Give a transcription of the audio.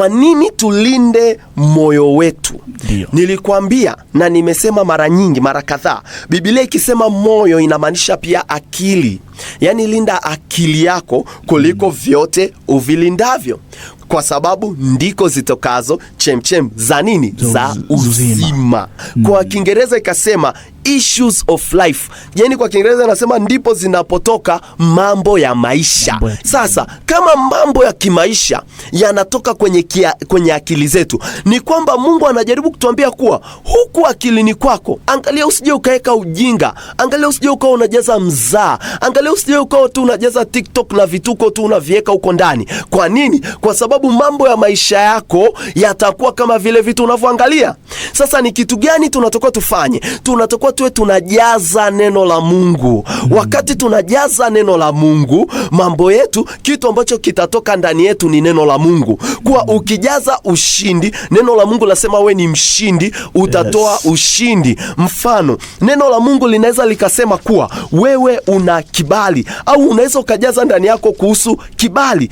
Kwa nini tulinde moyo wetu? Dio. Nilikwambia na nimesema mara nyingi, mara kadhaa, bibilia ikisema moyo inamaanisha pia akili. Yaani linda akili yako kuliko mm. vyote uvilindavyo, kwa sababu ndiko zitokazo chemchem za nini? Za uzima. Mm. Kwa Kiingereza ikasema issues of life, yani kwa Kiingereza anasema ndipo zinapotoka mambo ya maisha. Mambo ya sasa, kama mambo ya kimaisha yanatoka kwenye, kia, kwenye akili zetu, ni kwamba Mungu anajaribu kutuambia kuwa huku akilini kwako, angalia usije ukaweka ujinga, angalia usije ukawa unajaza mzaa, angalia usije sio ukawa tu unajaza TikTok na vituko tu unaviweka huko ndani. Kwa nini? Kwa sababu mambo ya maisha yako yatakuwa kama vile vitu unavyoangalia. Sasa ni kitu gani tunatakiwa tufanye? Tunatakiwa tuwe tunajaza neno la Mungu. Hmm. Wakati tunajaza neno la Mungu mambo yetu, kitu ambacho kitatoka ndani yetu ni neno la Mungu. Kuwa hmm. ukijaza ushindi, neno la Mungu lasema we ni mshindi, utatoa yes, ushindi. Mfano, neno la Mungu linaweza likasema kuwa wewe una kibali, au unaweza ukajaza ndani yako kuhusu kibali.